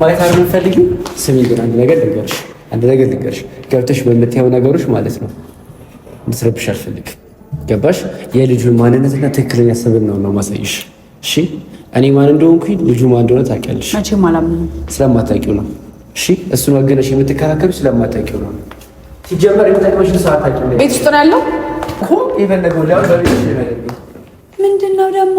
ማለት አይደል ምንፈልግ ስሚ፣ ግን አንድ ነገር ልንገርሽ፣ አንድ ነገር ልንገርሽ፣ ገብተሽ በምታየው ነገሮች ማለት ነው እንድትረብሽ አልፈልግም። ገባሽ? የልጁን ማንነትና ትክክለኛ ሰብን ነው ነው ማሳይሽ። እሺ፣ እኔ ማን እንደሆንኩኝ ልጁ ማን እንደሆነ ታውቂያለሽ። መቼም አላምንም፣ ስለማታውቂው ነው። እሺ፣ እሱን ወገነሽ የምትከራከሩ ስለማታውቂው ነው። ሲጀመር የምጠቅመሽን ሰዓት ታውቂው ቤት ውስጥ ነው ያለው እኮ የፈለገው ዳ ምንድን ነው ደግሞ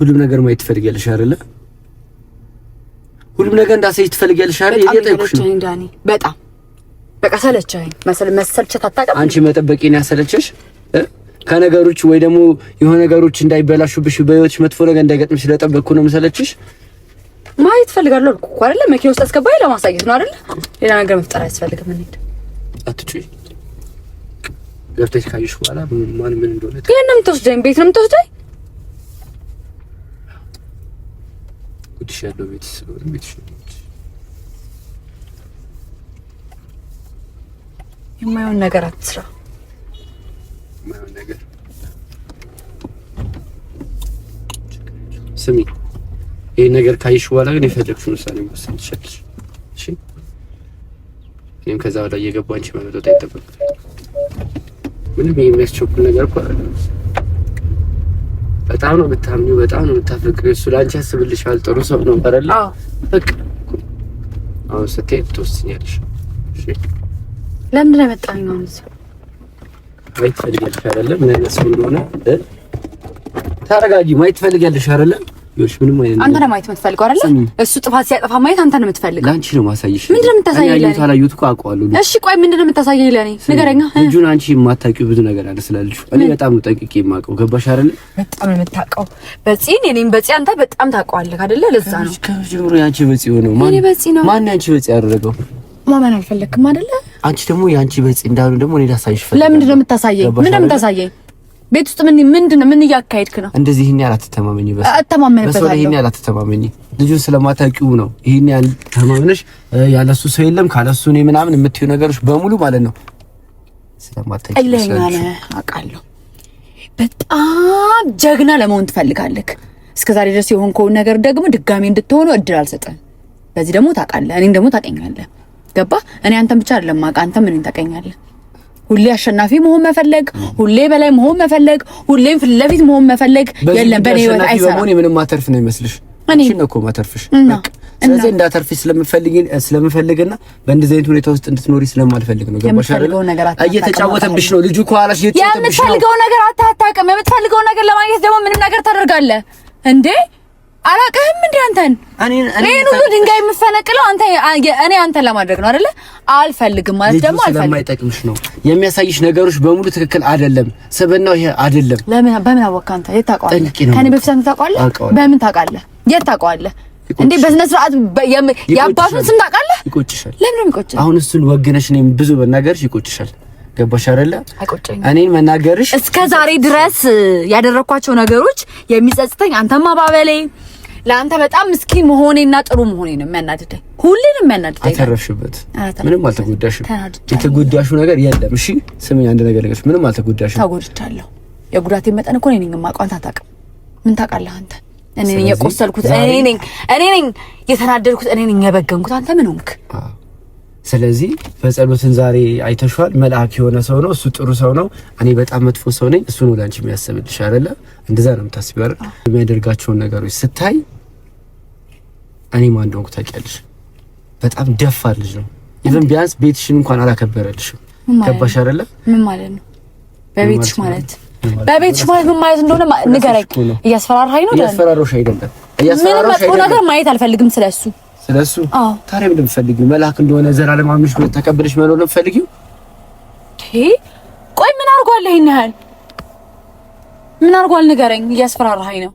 ሁሉም ነገር ማየት ትፈልጊያለሽ አይደለ? ሁሉም ነገር እንዳሳይሽ ትፈልጊያለሽ አይደል? የጠየቁሽ በጣም በቃ ሰለቸኝ መሰል መሰልቸት አታውቅም። አንቺ መጠበቂን ያሰለቸሽ ከነገሮች ወይ ደግሞ የሆነ ነገሮች እንዳይበላሹብሽ በህይወትሽ መጥፎ ነገር እንዳይገጥምሽ ስለጠበቅኩ ነው መሰለችሽ። ማየት ፈልጋለሁ አልኩ እኮ አይደለ? መኪና ውስጥ አስገባኝ ለማሳየት ነው አይደለ? ሌላ ነገር መፍጠር አያስፈልግም። እንዴ አትጪ ገብተሽ ካየሽ በኋላ ማን ምን እንደሆነ የት ነው የምትወስደኝ? ቤት ነው የምትወስደኝ? ጉድሽ ያለው ቤት ስለሆነ ቤትሽ የማይሆን ነገር አትስራ። የማይሆን ነገር ስሚ ይህ ነገር ካየሽ በኋላ ግን የፈለግሽውን ውሳኔ መወሰን ትችላለሽ። እሺ፣ እኔም ከዛ ወዲያ እየገባሁ አንቺ መመጠጥ አይጠበቅም። ምንም የሚያስቸኩል ነገር እኮ አይደለም። በጣም ነው የምታምኚው፣ በጣም ነው የምታፈቅሪው። እሱ ለአንቺ ያስብልሻል። ጥሩ ሰው ነው አይደል? በቃ አሁን ስትሄድ ትወስኛለሽ። እሺ፣ ለምንድን ነው ነው ማየት ትፈልጊያለሽ አይደለም? ምን ሰው እንደሆነ ታረጋጊ። ማየት ትፈልጊያለሽ አይደለም? ይኸውልሽ ምንም አይነት አንተ ነው ማየት የምትፈልገው አይደለ? እሱ ጥፋት ሲያጠፋ ማየት አንተ ነው የምትፈልገው። አንቺ ነው ማሳየሽ። ምንድን ነው የምታሳየኝ ለእኔ? አላየሁት እኮ አውቀዋለሁ። እሺ ቆይ ምንድን ነው የምታሳየኝ ለእኔ ንገረኛ። ልጁን አንቺ የማታውቂው ብዙ ነገር አለ ስላልሽ እኔ በጣም ነው ጠንቅቄ የማውቀው። ገባሽ አይደለ? በጣም ነው የምታውቀው። በዚህ እኔም በዚህ አንተ በጣም ታውቀዋለህ አይደለ? ለዛ ነው ከጅምሩ ያንቺ በዚህ ሆነው ማን ነው? ማን ያንቺ በዚህ ያደረገው ማመን አልፈለክም አይደለ? አንቺ ደግሞ ያንቺ በዚህ እንዳሉ ደግሞ እኔ ላሳይሽ ፈልጋለሁ። ለምንድን ነው የምታሳየኝ? ምንድን ነው የምታሳየኝ ቤት ውስጥ ምን ምንድን ምን እያካሄድክ ነው? እንደዚህ ይሄን ያህል አትተማመኝ። በስ አትተማመንበት አለ ይሄን ያህል አትተማመኝ። ልጁን ስለማታውቂው ነው ይሄን ያህል ተማምነሽ ያለሱ ሰው የለም ካለሱ እኔ ምናምን የምትዩ ነገሮች በሙሉ ማለት ነው ስለማታውቂው አይለኛ ነው አውቃለሁ። በጣም ጀግና ለመሆን ትፈልጋለህ። እስከዛሬ ድረስ የሆንከውን ነገር ደግሞ ድጋሜ እንድትሆኑ እድል አልሰጠህም። በዚህ ደግሞ ታውቃለህ፣ እኔም ደግሞ ታውቀኛለህ። ገባህ? እኔ አንተን ብቻ አይደለም ማውቅ አንተም እኔን ታውቀኛለህ። ሁሌ አሸናፊ መሆን መፈለግ፣ ሁሌ በላይ መሆን መፈለግ፣ ሁሌም ፊት ለፊት መሆን መፈለግ የለም። በኔ ህይወት አይሰራም። እኔ ምንም ማተርፍ ነው ይመስልሽ? እኔ እኮ ማተርፍሽ ስለዚህ እንዳተርፊ ስለምፈልግ ስለምፈልግና በእንደዚህ አይነት ሁኔታ ውስጥ እንድትኖሪ ስለማልፈልግ ነው። ገባሽ አይደል? እየተጫወተብሽ ነው ልጁ ከኋላሽ እየተጫወተብሽ ነው። የምትፈልገው ነገር አታታቅም። የምትፈልገው ነገር ለማግኘት ደግሞ ምንም ነገር ታደርጋለህ እንዴ አላቀህም እንዴ አንተን? ይሄን ሁሉ ድንጋይ የምፈነቅለው አንተ እኔ አንተን ለማድረግ ነው አይደለ? አልፈልግም ማለት ደግሞ አልፈልግም። የማይጠቅምሽ ነው የሚያሳይሽ ነገሮች በሙሉ ትክክል አይደለም። ስብናው ይሄ አይደለም። ለምን በምን አወቅህ አንተ? የት ታውቀዋለህ? ከኔ በፊት አንተ ታውቀዋለህ? በምን ታውቃለህ? የት ታውቀዋለህ? እንዴ በስነ ስርዓት የአባቱን ስም ታውቃለህ? ይቆጭሻል። ለምን ይቆጭሻል? አሁን እሱን ወግነሽ እኔም ብዙ በናገርሽ ይቆጭሻል። ገባሽ አይደለ? እኔን መናገርሽ እስከ ዛሬ ድረስ ያደረኳቸው ነገሮች የሚጸጽተኝ አንተ ማባበሌ ለአንተ በጣም ምስኪን መሆኔና ጥሩ መሆኔ ነው የሚያናድደኝ፣ ሁሉንም የሚያናድደኝ። አተረፍሽበት፣ ምንም አልተጎዳሽም። የተጎዳሽው ነገር የለም። እሺ ስሚኝ፣ አንድ ነገር ልንገርሽ፣ ምንም አልተጎዳሽም። ተጎድቻለሁ። የጉዳቴን መጠን እኮ ነኝ የማውቀው፣ አንተ አታውቅም። ምን ታውቃለህ አንተ? እኔ ነኝ የቆሰልኩት፣ እኔ ነኝ እኔ ነኝ የተናደድኩት፣ እኔ ነኝ የበገንኩት። አንተ ምን ሆንክ? ስለዚህ በጸሎትን ዛሬ አይተሸዋል። መልአክ የሆነ ሰው ነው እሱ፣ ጥሩ ሰው ነው። እኔ በጣም መጥፎ ሰው ነኝ። እሱ ነው ለአንቺ የሚያስብልሽ አይደለ? እንደዛ ነው የምታስቢው አይደል? የሚያደርጋቸውን ነገሮች ስታይ እኔ ማን እንደሆንኩ ታውቂያለሽ። በጣም ደፋር ልጅ ነው። ኢቨን ቢያንስ ቤትሽን እንኳን አላከበረልሽም። ገባሽ አይደለ? ምን ማለት ነው በቤትሽ ማለት በቤትሽ ማለት ምን ማለት እንደሆነ ንገረኝ። እያስፈራራኸኝ ነው። እያስፈራራሁሽ አይደለም። ምንም መጥፎ ነገር ማየት አልፈልግም ስለሱ ስለሱ ታዲያ ምንድን የምትፈልጊው? መልአክ እንደሆነ ዘላለም አምነሽ ተቀብለሽ መኖር ነው የምትፈልጊው? ቆይ ምን አድርጓል? ይሄን ያህል ምን አርጓል? ንገረኝ። እያስፈራራኸኝ ነው።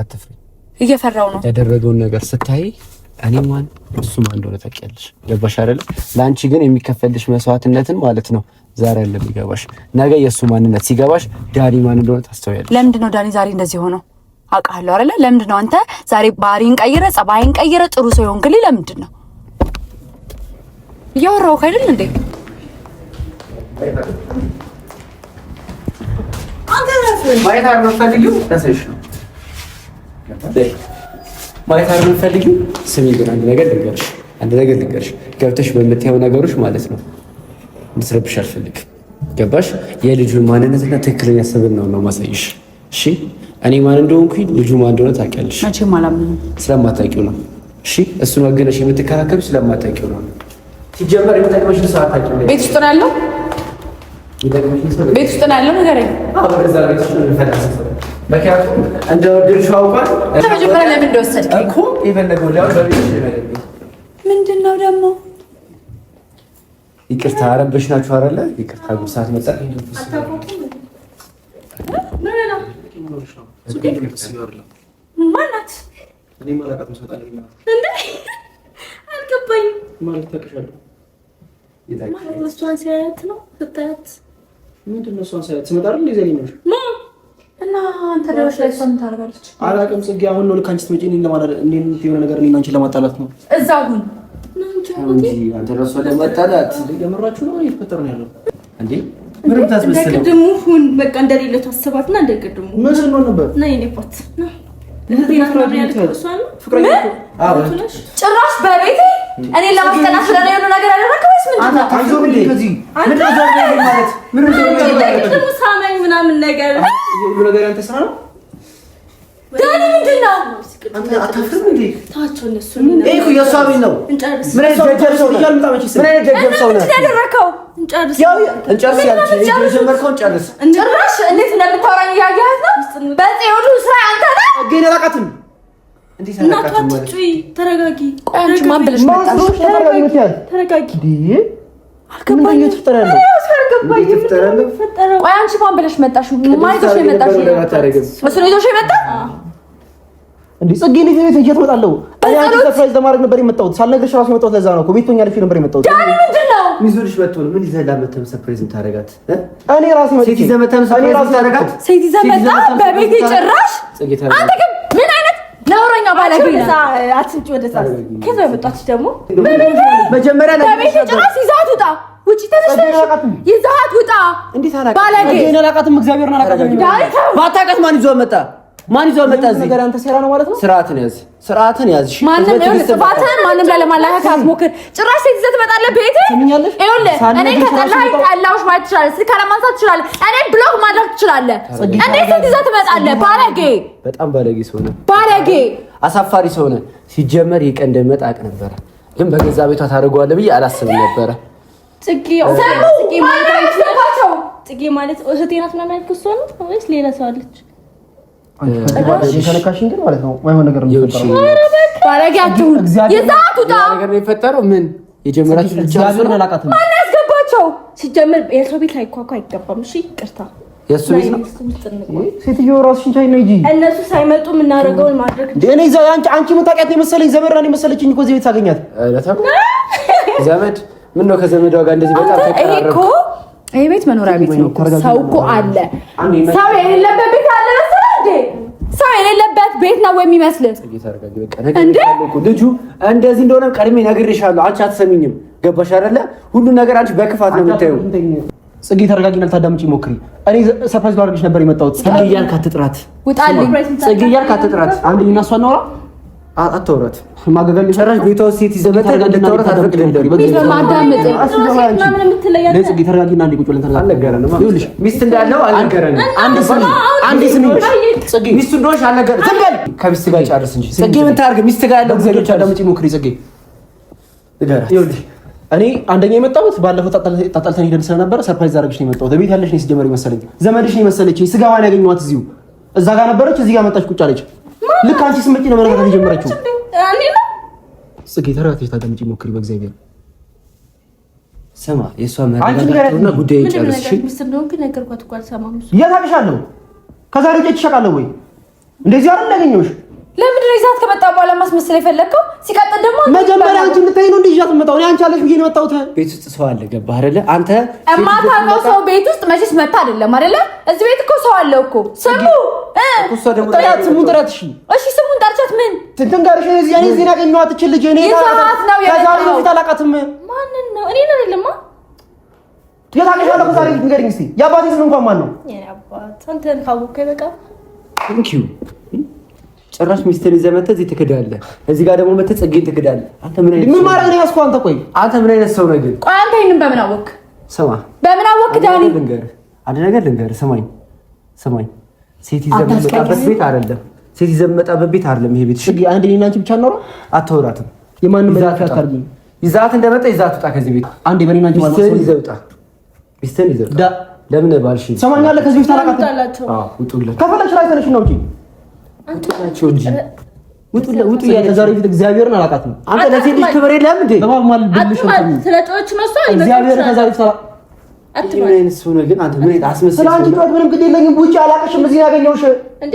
አትፍሪ። እየፈራው ነው። ያደረገውን ነገር ስታይ እኔም ማን እሱም አንድ ሆነ ታውቂያለሽ። ገባሽ አይደለ? ለአንቺ ግን የሚከፈልሽ መስዋዕትነትን ማለት ነው ዛሬ አለ ይገባሽ፣ ነገ የእሱ ማንነት ሲገባሽ ዳኒ ማን እንደሆነ ታስተውያለሽ። ለምንድን ነው ዳኒ ዛሬ እንደዚህ ሆነው? አውቃለሁ አይደለ? ለምንድን ነው አንተ ዛሬ ባህሪን ቀይረ ጸባይን ቀይረ ጥሩ ሰው የሆንክልኝ? ለምንድን ነው እያወራሁህ አይደል እንዴ? ማየት የምፈልጊው ስሚ፣ ግን አንድ ነገር ልንገርሽ፣ አንድ ነገር ልንገርሽ። ገብተሽ በምታየው ነገሮች ማለት ነው እንድትረብሽ አልፈልግ። ገባሽ? የልጁን ማንነትና ትክክለኛ ስብዕናውን ነው ማሳይሽ። እሺ እኔ ማን እንደሆንኩኝ ልጁ ማን እንደሆነ ታውቂያለሽ። መቼም አላምንም። ስለማታውቂው ነው። እሺ እሱን ወገነሽ የምትከራከሩ ስለማታውቂው ነው። ሲጀመር የሚጠቅመሽ ሰዓት ታውቂው ቤት ውስጥ ነው ያለው። ቤት ውስጥ ነው ያለው ነገር ምክንያቱም እንደ ድርሻ አውቋል። መጀመሪያ ለምን እንደወሰድክ እኮ የፈለገው ምንድን ነው ደግሞ ይቅርታ፣ አረበሽ ናችሁ አይደለ? ይቅርታ ጉሳት መጣ ማናት? እንደ አልገባኝም። ማለት እሷን ሲያያት ነው ስታያት ምንድን ነው? እሷን ሳያት ስመጣ አይደል ይዘኝ ነው እና አንተ ደረሽ ላይ እሷን ታደርጋለች። አላውቅም ፅጌ፣ አሁን ነው ልክ አንቺ ስትመጪ እኔን የሆነ ነገር አንቺን ለማጣላት ነው እዛ አሁን እንጂ አንተ ለማጣላት የምራችሁ ነው እየተፈጠረ ነው ያለው እንዴ ምንም ታስመስለው እንደቅድሙ ሁን በቃ እንደሌለ ታስባት እና እንደቅድሙ መስሎ ነበር ነው የእኔ ፓት ጭራሽ በቤቴ እኔ ለማስቀናት ስለሆነ የሆነ ነገር አደረገ ወይስ ምንድን ነው? ሳመኝ ምናምን ነገር ነገር ያንተ ስራ ነው። ዳኒ ምንድን ነው? አታፍርም እንዴ? ተዋቸው እነሱ እኮ የእሷ ቤት ነው። ምን አይነት ደጀብ ሰው ነህ? ያደረከው እንጨርስ፣ እንጨርስ እንዴ ጽጌ እንዴት ቤት ሄጄ ትመጣለሁ? እኔ አንቺ ሰርፕራይዝ ለማድረግ ነበር የመጣሁት። ሳልነግርሽ ራሱ የመጣሁት ለዛ ነው እኮ ቤት ሆኛለሽ ፊልም ነበር የመጣሁት። ዳኒ ምንድን ነው ሚዞልሽ መጥቶ ምን ይዘህ ላመተም ሰርፕራይዝ የምታደርጋት? እኔ ራሴ መጥቼ ሴት ይዘህ መተም ሰርፕራይዝ የምታደርጋት ሴት ይዘህ መጥተህ በቤቴ ጭራሽ። አንተ ግን ምን አይነት ነውረኛ ባለጌ ነህ! አትንጭ ወደ እዛ። ከዛ የመጣች ደግሞ መጀመሪያ በቤቴ ጭራሽ ይዘሃት ውጣ ውጪ ተነስተሽ ይዘሃት ውጣ። እንዴት አላውቃትም፣ ባለጌ ነው። አላውቃትም፣ እግዚአብሔርን አላውቃትም። ባታውቃት ማን ይዞ መጣ? ማን ይዞ መጣ እዚህ ነገር? አንተ ሴራ ነው ማለት ነው። ስርዓትን ያዝ፣ ስርዓትን ያዝ። እሺ፣ ማንም ይሁን ጥፋትህን ማንም ላይ ለማላከክ አትሞክር። ጭራሽ ሴት ይዘህ ትመጣለህ ቤት። ይኸውልህ እኔ ከጠላኸኝ ጠላሁሽ ማለት ትችላለህ። ስልክ አለማንሳት ትችላለህ። እኔ ብሎክ ማድረግ ትችላለህ። እንዴት ሴት ይዘህ ትመጣለህ? ባለጌ፣ በጣም ባለጌ ሰው ነህ። ባለጌ፣ አሳፋሪ ሰው ነህ። ሲጀመር ይህ ቀን እንደሚመጣ አውቅ ነበረ፣ ግን በገዛ ቤቷ ታደርገዋለህ ብዬ አላስብም ነበረ። ጽጌ ጽጌ ማለት እህቴ ናት ምናምን ያልኩህ እሷ ነው ወይስ ሌላ ሰው አለች? ተነካሽን ግን ማለት ነው ማይሆን ነገር የሚፈጠረው ምን የጀመራችሁ ሲጀምር የሰው ቤት ላይ ኳኳ አይገባም። እሺ ይቅርታ የእሱ ቤት ነው። ሴትዮ ራስሽን ቻይ ነው እንጂ እነሱ ሳይመጡ የምናደርገውን ማድረግ እኔ አንቺ የምታውቂያት ነው የመሰለኝ። ዘመድ የመሰለችኝ እኮ እዚህ ቤት ሳገኛት ዘመድ ምን ነው ከዘመድ ዋጋ እንደዚህ በጣም ተቀራረብኩ። ይሄ ቤት መኖሪያ ቤት ነው። ሰው እኮ አለ ሰው የሌለበት ሰው የሌለበት ቤት ነው የሚመስልህ እንዴ? ልጁ እንደዚህ እንደሆነ ቀድሜ ነግሬሻለሁ። አንቺ አትሰሚኝም። ገባሽ አይደለ? ሁሉ ነገር አንቺ በክፋት ነው የምታየው። ጽጌ ተረጋጊና፣ ልታዳምጪ ሞክሪ። እኔ ሰርፕራይዝ ላደርግሽ ነበር የመጣሁት። ጽጌ እያልክ አትጥራት፣ ውጣልኝ። ጽጌ እያልክ አትጥራት። አንድ እኔና እሷ እናውራ አታውራት ማገገል ጨራሽ ቤቷ ሴት ይዘህ መጣ ሚስት እንዳለው አንድ አንድ ሚስቱ ጋር እንጂ ምን ሚስት ጋር ያለው ሞክሪ። እኔ አንደኛ የመጣሁት ባለፈው ጣጣልተን ሄደን ስለነበረ ሰርፕራይዝ አደረግሽ ነው የመጣሁት። ቤት ያለሽ ነው ሲጀመር የመሰለኝ ዘመድሽ ነው የመሰለችኝ። ስጋዋን ያገኘኋት እዚሁ እዛ ጋር ነበረች፣ እዚህ ጋር መጣች፣ ቁጭ አለች። ልክ አንቺ ስትመጪ ነው መነካካት የጀመረችው። ጽጌ ተረጋግተሽ ታዳምጪ ሞክሪ። በእግዚአብሔር ስማ፣ የእሷ መረጋጋትና ጉዳይ ጨርስሽ። የት አቅሻለሁ? ትሸቃለሁ ወይ? እንደዚህ አይደል ያገኘሁሽ ለምንድን ነው ይዛት ከመጣ በኋላ ማስመሰል የፈለግከው? ሲቀጥል ደግሞ መጀመሪያ አንቺ የምታይ ነው እንደ መጣው። የምመጣው አንቺ አለሽ ብዬሽ ነው የመጣሁት። ቤት ውስጥ ሰው አለ ገባህ አይደለ? አንተ የማታውቀው ሰው ቤት ውስጥ መቼስ መታ አይደለም አይደለ? እዚህ ቤት እኮ ሰው አለ እኮ ስሙ ጥራት ስሙን ጥራት እሺ፣ እሺ ስሙን ጠርቻት ምን ትንትን ጋር እሺ፣ እዚህ እኔ ዜና ያገኘኋት እችል ልጅ እኔ ይዛት ነው ያዛት ነው ታላቃትም ማንን ነው እኔ ነው አይደለማ የታቀሽ አለ ዛሬ ንገሪኝ እስቲ የአባቴ ስም እንኳን ማን ነው? የኔ አንተን ካወቅከኝ በቃ ቴንክ ዩ ጭራሽ ሚስቴር ይዘህ መተህ እዚህ ትክዳለህ። እዚህ ጋር ደግሞ መተህ ጽጌን ትክዳለህ። አንተ ምን አይነት ምን ማድረግ ነው ያስኩህ? አንተ ቆይ አንተ ምን አይነት ሰው ነህ ቆይ አንተ ይሄንን በምን አወቅህ? ስማ በምን አወቅህ ዳኒ? ልንገርህ አንድ ነገር ልንገርህ። ስማኝ ስማኝ፣ ሴት ይዘህ የምትመጣበት ቤት አይደለም። ሴት ይዘህ የምትመጣበት ቤት አይደለም ይሄ ቤት። እሺ አንድ እኔና አንቺ ብቻ እናውራ። አታወራትም። የማንም መዳፍ አታርጉኝ። ይዛት እንደመጣ ይዛት ውጣ ከዚህ ቤት። አንዴ በእኔና አንቺ ማለት ነው። ይዘህ ውጣ ሚስቴር ይዘህ ውጣ። ለምን ባልሽ ሰማኛለህ። ከዚህ ቤት ታላቃት አዎ ውጡልህ። ከፈለግሽ ላይ ተነሽ ነው እንጂ ውጡላቸው እንጂ እግዚአብሔርን አላውቃትም። አንተ ለሴት ልጅ ክብር የለህም እንዴ? ምን አይነት ሰው ነህ ግን አንተ? ምን አይነት አስመሳይ ስለአንቺ ምንም ግድ የለኝም። ቡጭ አላውቅሽም። እዚህ ያገኘሁሽ እንዴ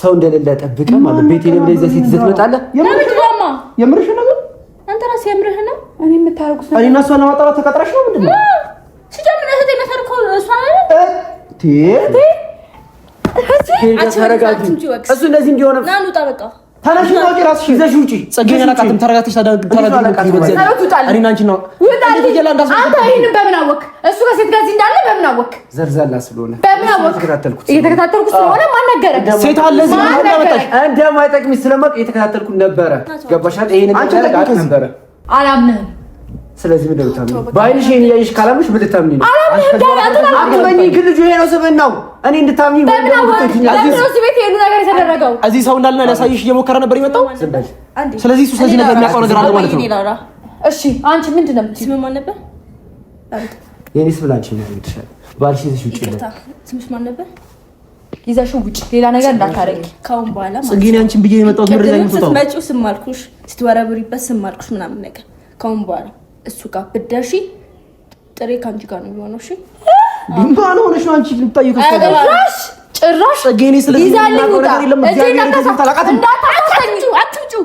ሰው እንደሌለ ጠብቀ ማለት ቤት ነው ብለህ ሴት ሴት ትመጣለህ። የምርሽ ነው አንተ ራስህ የምርህ ነው። እኔ የምታረቁት እኔ እና እሷን ለማጣላት ተቀጥረሽ ነው ምንድን ነው? ሲጀምር እህቴ መሰርኮ እሷ ቲ እሱ እንደዚህ እንዲሆነ ታናሽ ነው ራስሽ ታዳግ ነው አንተ በምን አወቅ? እሱ አወቅ? ዘርዛላ ስለሆነ በምን አወቅ? እየተከታተልኩት ስለሆነ ማን ነገረህ? ሴት አለ እዚህ እንደማይጠቅም ስለማውቅ እየተከታተልኩት ነበረ። ገባሻል? ይሄን ነበረ አላምንህም። ስለዚህ ምን ልታምኚ? በአይንሽ ይሄን እያየሽ ካላምንሽ ምን ልታምኚ ነው? አትመኚ፣ ግን ልጁ ይሄ ነው ስብናው። እኔ እንድታምኚ እዚህ ሰው እንዳልና ሊያሳይሽ እየሞከረ ነበር የመጣው። ስለዚህ እሱ ስለዚህ ነገር የሚያውቀው ነገር አለ ማለት ነው። እሺ አንቺ ምንድን ነው የምትይው? የኔ ስብል አንቺ ነው። ባልሽ ይዘሽ ውጭ ስምሽ ማን ነበር? ይዘሽው ውጭ ሌላ ነገር እንዳታረጊ ካሁን በኋላ ጽጌ። እኔ አንቺን ብዬሽ የመጣሁት ምርዛኝ ፎቶ ስትመጪው ስም አልኩሽ፣ ስትወረብሪበት ስም አልኩሽ ምናምን ነገር። ካሁን በኋላ እሱ ጋር ብትደርሺ ጥሬ ከአንቺ ጋር ነው የሚሆነው። እሺ ድንኳን ሆነሽ ነው አንቺ ልታዩ ከሰራሽ ጭራሽ ጽጌ። እኔ ስለዚህ ነገር የለም እንዳታ እንዳታስተኝ አትምጪው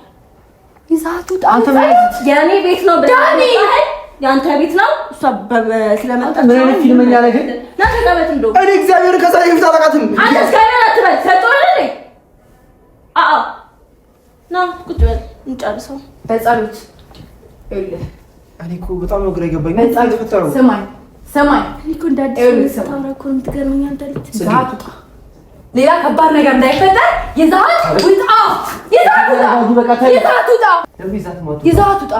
ይዛቱት አንተ ያኔ ቤት ነው ዳኒ ያንተ ቤት ነው። እሷ ስለመጣ ምን አይነት ፊልም እኔ እግዚአብሔር ከዛ ይፍታ አላቃትም። አንተ እግዚአብሔር አትበል ሰጥቶልኝ። አአ ና ቁጭ በል እንጨርሰው በጸሎት እኔ እኮ በጣም ነው ግራ የገባኝ። ስማኝ ስማኝ፣ እኔ እኮ እንደ አዲስ ታውራ የምትገርመኝ አንተ ልጅ። ሌላ ከባድ ነገር እንዳይፈጠር የዛት ውጣ ይዛት ውጣ።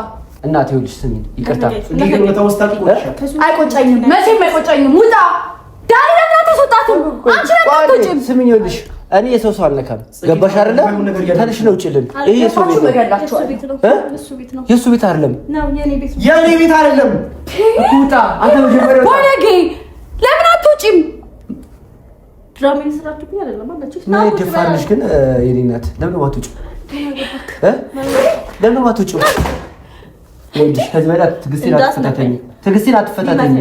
እናቴ ይኸውልሽ፣ ስሚ፣ ይቅርታ አይቆጨኝም፣ መቼም አይቆጨኝም። ውጣ ዳኒ፣ ለምን አትወጣትም? አንቺ ለምን አትወጪም? ይኸውልሽ እኔ የሰው ሰው አልነካም። ገባሽ አይደለ? ተንሽ ነው ውጭልን። ይሄ የሰው ቤት ነው፣ የእሱ ቤት አይደለም፣ የእኔ ቤት አይደለም። ውጣ አንተ መጀመሪያ ድራማ እየሰራችሁ ግን አይደለም አላችሁ። ምን ይደፋልሽ ግን የኔ እናት፣ ለምን ማትወጪ? ለምን ማትወጪ? ከዚህ በላይ ትዕግስቴን አትፈታተኝ፣ ትዕግስቴን አትፈታተኝ።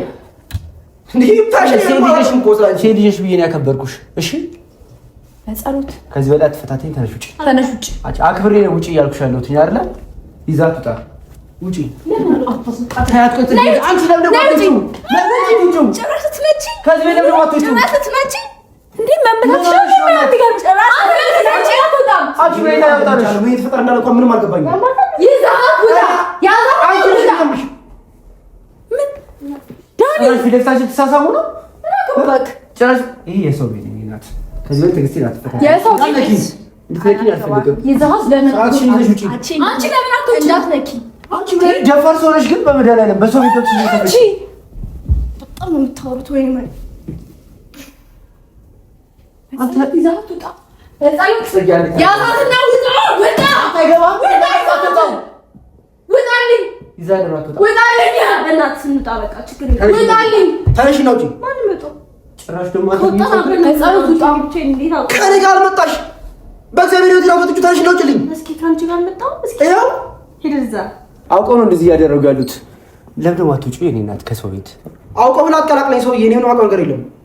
ሴት ልጅሽ ብዬ ነው ያከበርኩሽ። እሺ ጸሎት፣ ከዚህ በላይ አትፈታተኝ። ተነሽ ውጪ፣ ተነሽ ውጪ። አክብሬ ነው ውጪ እያልኩሽ ያለሁት አይደለ? ይዛት ውጣ ውጪ። ከዚህ በላይ ለምን ማትወጪ? የተፈጠረ እንዳለ እኮ ምንም አልገባኝ። ፊደክሳችን ተሳሳሙ ነው ጭራሽ። ይሄ የሰው ቤት ናት። ከዚህ በላይ ትዕግስት አትፈታም። የሰው ቤት ደፋር ሰው ነሽ ግን በመድኃኒዓለም በሰው ቤቶች በጣም ነው የምታወሩት ወይ አውቀው ነው እንደዚህ እያደረጉ ያሉት። ለምን አትወጪው? የኔ እናት ከሰው ቤት አውቀው ብላ አትቀላቅለኝ። ሰውዬ እኔ ምንም አውቀው ነገር የለም።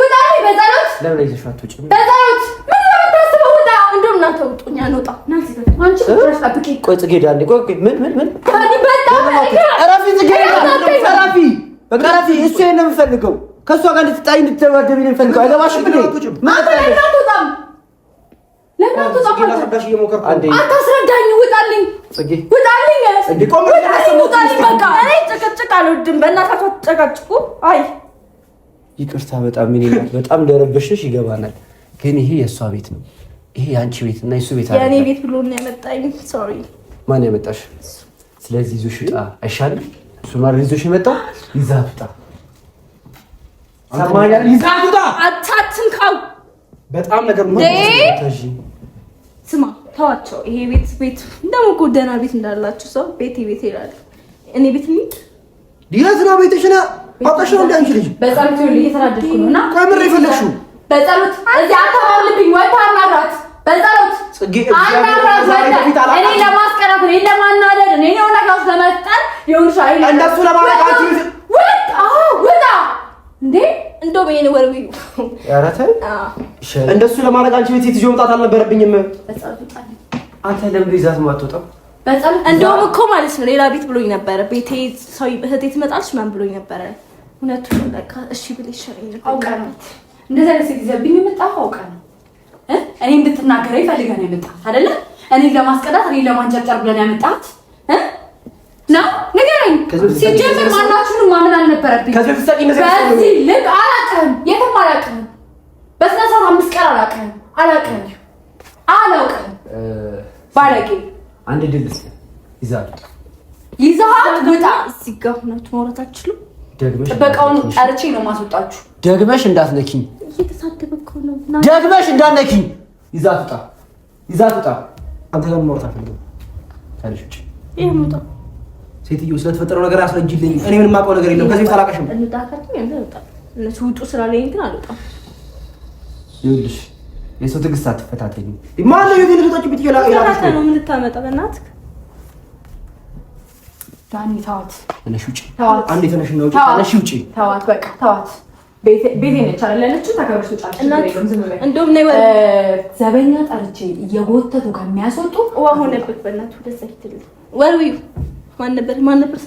ውጣ ነው በዛሎት ለምን ይዘሽ አትወጪ? በዛሎት ምን ነው የምታስበው? ውጣ እንደውም እናንተ ውጡኛ ነው አንቺ ትራስ አጥቂ ቆይ ጽጌ ዳንዴ ቆይ ምን ምን ምን ታዲ በጣም እረፊ ጽጌ ዳንዴ እረፊ በቃ እረፊ። እሱ ይሄን ነው የምፈልገው ከእሷ ጋር እንድትጣይ እንድትደባደቢ ነው የምፈልገው። አይገባሽም እንዴ ማታ ለምን አትወጣም? ለምን አታስረዳኝ። ውጣልኝ ውጣልኝ። ጭቅጭቅ አልወድም። በእናታችሁ ጨቃጭቁ አይ ይቅርታ በጣም ሚኒማት በጣም ደረበሽሽ ይገባናል፣ ግን ይሄ የእሷ ቤት ነው። ይሄ የአንቺ ቤት እና የሱ ቤት የእኔ ቤት ብሎ ያመጣኝ። ሶሪ ማን ያመጣሽ? ስለዚህ ይዞሽ ውጣ አይሻልም? እሱ ማር ይዞሽ የመጣ ይዛህ ውጣ። ሰማንያ ይዛህ ውጣ። አታትንካው በጣም ነገር ስማ፣ ተዋቸው። ይሄ ቤት ቤት ደግሞ እኮ ደህና ቤት እንዳላችሁ ሰው ቤት ቤት ይላል። እኔ ቤት ሚት ዲያዝና ቤትሽ ነው አባሽ ነው እንደ አንቺ ልጅ በጸሎት ይኸውልህ እየተናደድኩ ነው እና ከምር የፈለግሽው በጸሎት እዚህ አታማልብኝ ወይ ታናራት በጸሎት እኔ ለማስቀረት እኔ ለማናደድ እኔ ነው ለካስ ለመስጠት ይሁንሽ አይደል እንደሱ ለማለት አንቺ አዎ ወጣ እንዴ እንደው በእኔ ወር ቢሉ ኧረ ተይ እንደሱ ለማድረግ አንቺ ቤት ይዞ መምጣት አልነበረብኝም አንተ ለምን ይዛት ማትወጣው በጣም እንደውም እኮ ማለት ነው ሌላ ቤት ብሎኝ ነበረ ቤቴ ሰው እህቴ ትመጣለች ምናምን ብሎኝ ነበረ እውነቱን በቃ እሺ ብለሽ ሸሪኝ ነው እንደዛ አይነት ሲዘብኝ የመጣሁ አውቃ ነው። እኔ እንድትናገረኝ ፈልገህ ነው የመጣት አይደለ? እኔ ለማስቀጣት እኔ ለማንጨርጨር ብለን ያመጣት ነው። ንገረኝ። ሲጀምር ማናችሁንም ማመን አልነበረብኝ። በዚህ ልክ አላውቅህም፣ የትም አላውቅህም። በስነ ስርዓት አምስት ቀን አላውቅህም፣ አላውቅህም፣ አላውቅህም። ባለጌ አንድ ድል ይዛል ይዛል። በጣም እዚህ ጋር ሁናችሁ ጥበቃውን ጠርቼ ነው ማስወጣችሁ። ደግመሽ እንዳትነኪኝ፣ ደግመሽ እንዳትነኪኝ። ይዛት አንተ ጋር ማውራት አልፈልግም። ሴትዮ ስለተፈጠረው ነገር አስረጅልኝ። እኔ ምንም አውቀው ነገር የለም። ከዚህ ውጡ ስላለኝ ግን አልወጣም። ይኸውልሽ የሰው ትዕግስት ማነው ነው የምታመጣው? በእናትህ ዳኒ ተዋት፣ ተነሽ ውጪ። አንዴ ተነሽ እና ተነሽ ውጪ። ተዋት፣ በቃ ተዋት። ቤቴ ነች አላለችው። ተከብረሽ ትወጫለሽ። እንደውም ነይ ዘበኛ ጠርቼ እየጎተቱ ከሚያስወጡ ዋ ሆነበት። በእናትህ ወደ እዛ ሂድ። ማን ነበር? ማን ነበር?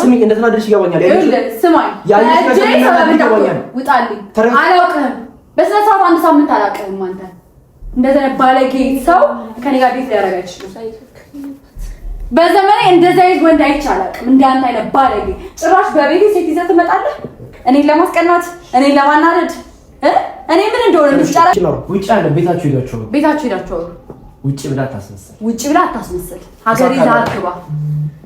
ስሚ እንደተናደድሽ ይገባኛል። ስማኝ ውጣልኝ፣ አላውቅህም። አንድ ሳምንት አላውቅህም። አንተ እንደዚያ ዓይነት ባለጌ ሰው ከኔ ጋር ቤት ሊያደርግ አይችልም። በዘመኔ እንደዚያ ዓይነት ወንድ አይቼ አላውቅም። እንደ አንተ ዓይነት ባለጌ ጭራሽ በቤት ሴት ይዘህ ትመጣለህ። እኔን ለማስቀናት፣ እኔን ለማናደድ፣ እኔ ምን እንደሆነ ውጭ አለ ቤታችሁ ሄዳችሁ ውጭ ብላ አታስመስል፣ ሀገር ይዘህ አትግባ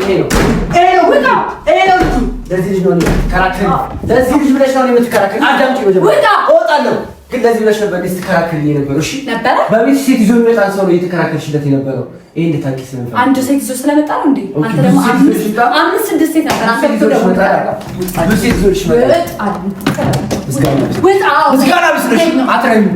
ይሄ ነው ይሄ ነው ውጣ። ይሄ ነው ልጁ። ለዚህ ልጅ ነው ከራከሪ። ለዚህ ልጅ ብለሽ ነው የምትከራከሪ። አዳምጪ። ውጣ። እወጣለሁ ግን ለዚህ ብለሽ ነበር ስትከራከሪ የነበረው። እሺ ነበረ። በቤት ሴት ይዞ የሚመጣን ሰው ነው እየተከራከርሽለት የነበረው። ይሄ እንድታውቂ ስለነበረ አንድ ሴት ይዞ ስለመጣ ነው እንዴ? አንተ ደግሞ አምስት ስድስት ሴት ነበር። አንተ ደግሞ ውጣ። ምስጋና ቢስ ነሽ። አትረሚም